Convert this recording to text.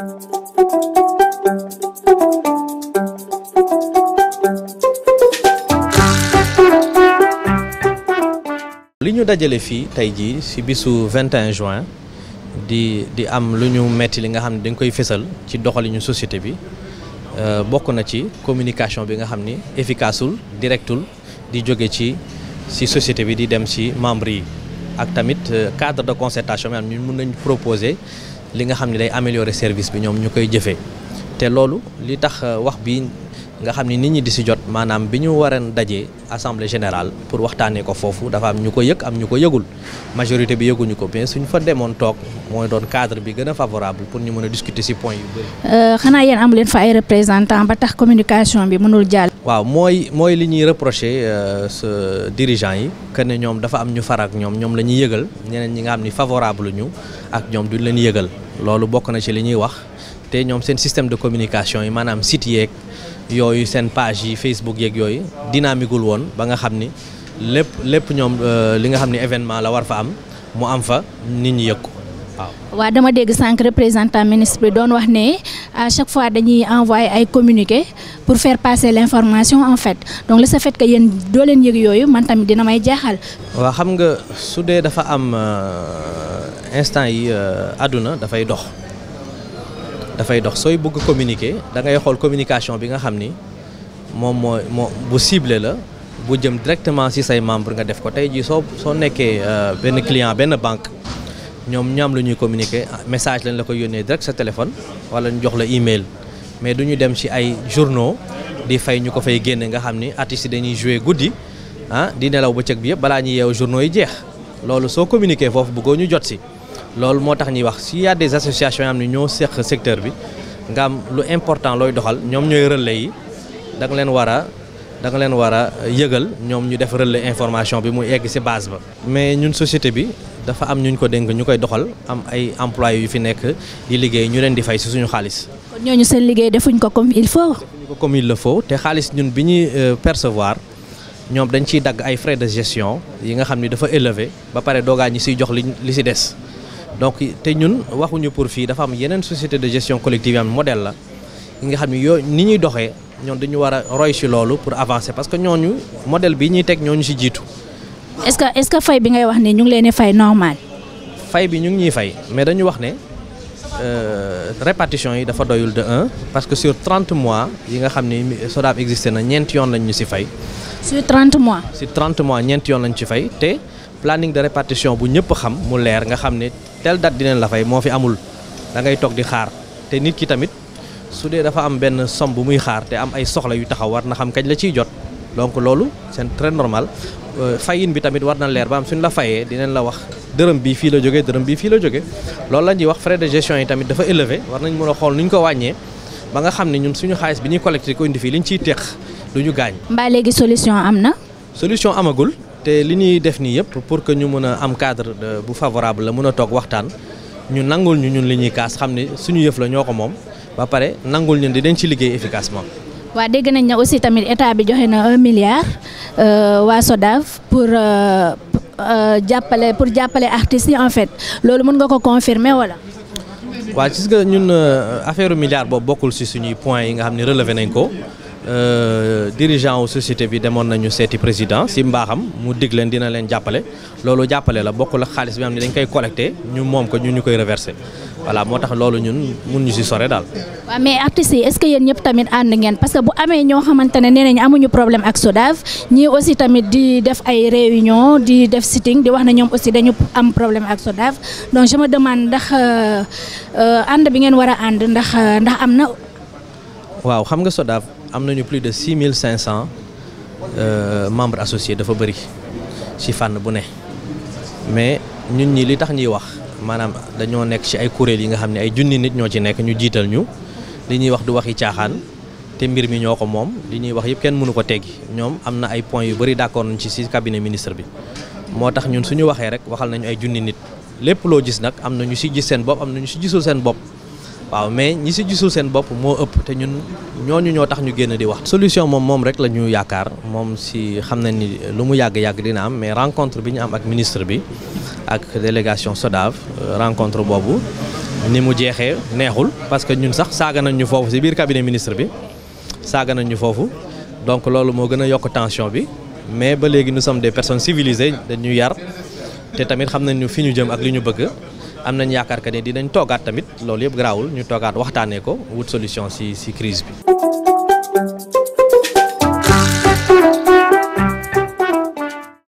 li ñu dajale fii tey jii ci bisu 21 juin di di am lu ñu metti li nga xam ne dañ koy fésal ci doxaliñu société bi euh, bokk na ci communication bi nga xam ni efficaceul directul di jóge ci ci société bi di dem ci membre yi ak tamit euh, cadre de concertation bi am ñu mën nañ proposé li nga xam ne day améliorer service bi ñoom ñu koy jëfee te loolu li tax euh, wax bi nga xam ni nit ñi di si jot maanaam bi ñu waran daje assemblée générale pour waxtaanee ko foofu dafa am ñu ko yëg am ñu ko yëgul majorité bi yëguñu ko mais suñ fa demoon toog mooy doon cadre bi gën a favorable pour ñu mën a discuter si point yu bëri. Euh, xanaa yéen amu leen fa ay représentant ba tax communication bi mënul jàll. waaw mooy mooy li ñuy reproché euh, ce dirigeant yi que ne ñoom dafa am ñu far ak ñoom ñoom la ñuy yëgal ñeneen ñi nga xam ni favorable ñu ak ñoom duñ leen yëgal bokk na ci li ñuy wax. te ñoom seen système de communication yi maanaam site yeeg yooyu seen page yi Facebook yéeg yooyu dynamigul woon ba nga xam ni lépp lépp ñoom euh, li nga xam ni événement la war fa am mu am fa nit ñi yëg ko waaw. dama dégg sànq représentant ministre bi doon wax ne à chaque fois dañuy envoyé ay communiqué pour faire passer l'information en fait donc le fait que yéen doo leen yëg yooyu man tamit dina may jaaxal. waaw xam nga su dee dafa am euh, instant yi euh, àdduna dafay dox. dafay dox sooy bëgg communiquer da ngay xool communication bi nga xam ni moom mooy moo bu ciblé la bu jëm directement ci say membre nga def ko tey ji soo soo nekkee euh, benn client benn banque ñoom ñaam lu ñuy communiquer ah, message lañ la koy yónnee direct sa téléphone wala ñu jox la email mais du ñu dem ci ay journaux di fey ñu ko fay génne nga xam ni artistes yi dañuy jouer guddi ah di nelaw bëccëg bi yëpp balaa ñu yeew journaux yi jeex loolu soo communiquer foofu bëggoo ñu jot ci. loolu moo tax ñuy wax s'il y a des associations yoo xam ñoo seq secteur bi nga am lu important looy doxal ñoom ñooy relais yi da leen war a da leen war a yëgal ñoom ñu def relais information bi muy egg ci base ba. mais ñun société bi dafa am ñu ñu ko dénk ñu koy doxal am ay employés yu fi nekk di liggéey ñu leen di fay ci suñu xaalis. kon ñooñu seen liggéey defuñ ko comme il faut. defuñ le faut te xaalis ñun bi ñuy euh, percevoir. ñoom dañ ciy dagg ay frais de gestion yi nga xam ni dafa élevé ba pare doogaa ñi siy jox li li si des donc te ñun waxuñu pour fii dafa am yeneen société de gestion collective yi am modèle la yi nga xam ne yoo ni ñuy doxee ñoom dañu war a roy ci loolu pour avancer parce que ñooñu modèle bi ñuy teg ñooñu ci jiitu. est-ce que est-ce que fay bi ngay wax ni ñu ngi leen di fay normal. fay bi ñu ngi ñuy fay mais dañu wax ne euh, répartition yi dafa doyul de parce que sur 30 mois yi nga xam ni SODAV existé na ñeenti yoon lañ ñu ci fay. sur 30 mois. sur 30 mois ñeenti yoon lañ ci fay te planning de répartition bu ñëpp xam mu leer nga xam ne tel date dinañ la fay moo fi amul da ngay toog di xaar te nit ki tamit su dee dafa am benn somme bu muy xaar te am ay soxla yu taxaw war na xam kañ la ciy jot donc loolu c'est très normal euh, fayin bi tamit war na leer ba am suñ la fayee dinañ la wax dërëm bi fii la jógee dërëm bi fii la jóge loolu la ñuy wax frais de gestion yi tamit dafa élevé war nañ mën a xool nu ñu ko wàññee ba nga xam ne ñun suñu xaalis bi ñuy collecté ko indi fii li ciy teex du ñu gaañ. mbaa léegi am na. solution amagul te li ñuy def nii yëpp pour que ñu mën a am cadre bu favorable la mën a toog waxtaan ñu nangul ñu ñun li ñuy kaas xam ne suñu yëf la ñoo ko moom ba pare nangul ñun di dañ ci liggéey efficacement. waa dégg nañ ne aussi tamit état bi joxe na un milliard euh, waa SODAV pour euh, euh, jàppale pour jàppale artistes yi en fait loolu mën nga ko confirmer wala. waa gis nga ñun affaire milliard boobu bokkul si suñuy point yi nga xam ne relevé nañ ko. Euh, dirigeant wu société bi demoon nañu seeti président si mbaaxam mu dig leen dina leen jàppale loolu jàppale la bokkul ak xaalis bi nga xam dañ koy collecté ñu moom ko ñu ñu koy reversé voilà moo tax loolu ñun mun ñu si sore daal. waaw mais artistes yi est-ce que yéen ñëpp tamit ànd ngeen parce que bu amee ñoo xamante ne nee nañu amuñu problème ak SODAV ñii aussi tamit di def ay réunion di def sitting di wax ne ñoom aussi dañu am problème ak SODAV donc je ndax euh, euh, ànd bi ngeen war a ànd ndax ndax am na. waaw xam nga SODAV. am nañu plus de six mille cinq cent euh, membres associés dafa bëri ci fànn bu ne mais ñun ñi li tax ñuy wax maanaam dañoo nekk ci ay kuréel yi nga xam ne ay junni nit ñoo ci nekk ñu jiital ñu li ñuy wax du wax waxi caaxaan te mbir mi ñoo ko moom li ñuy wax yëpp kenn mënu ko teggi ñoom am na ay points yu bari d'accord nañ ci ci cabinet ministre bi moo tax ñun suñu waxee rek waxal nañu ay junni nit lépp loo gis nag am na ñu ci gis seen bopp am na ñu ci gisul seen bopp waaw mais ñi si gisul seen bopp moo ëpp te ñun ñoo ñu ñoo tax ñu génn di wax. solution moom moom rek la ñu yaakaar moom si xam nañ ni lu mu yàgg yàgg dina am mais rencontre bi ñu am ak ministre bi ak délégation SODAV euh, rencontre boobu ni mu jeexee neexul parce que ñun sax saaga nañ ñu foofu si biir cabinet ministre bi saaga nañu foofu donc loolu moo gën a yokk tension bi mais ba léegi nu sommes de personnes civilisées dañu yar te tamit xam nañ ñu fi ñu jëm ak li ñu bëgg. am nañ yaakaar que ne dinañ toogaat tamit loolu yëpp garaawul ñu toogaat waxtaanee ko wut solution si si crise bi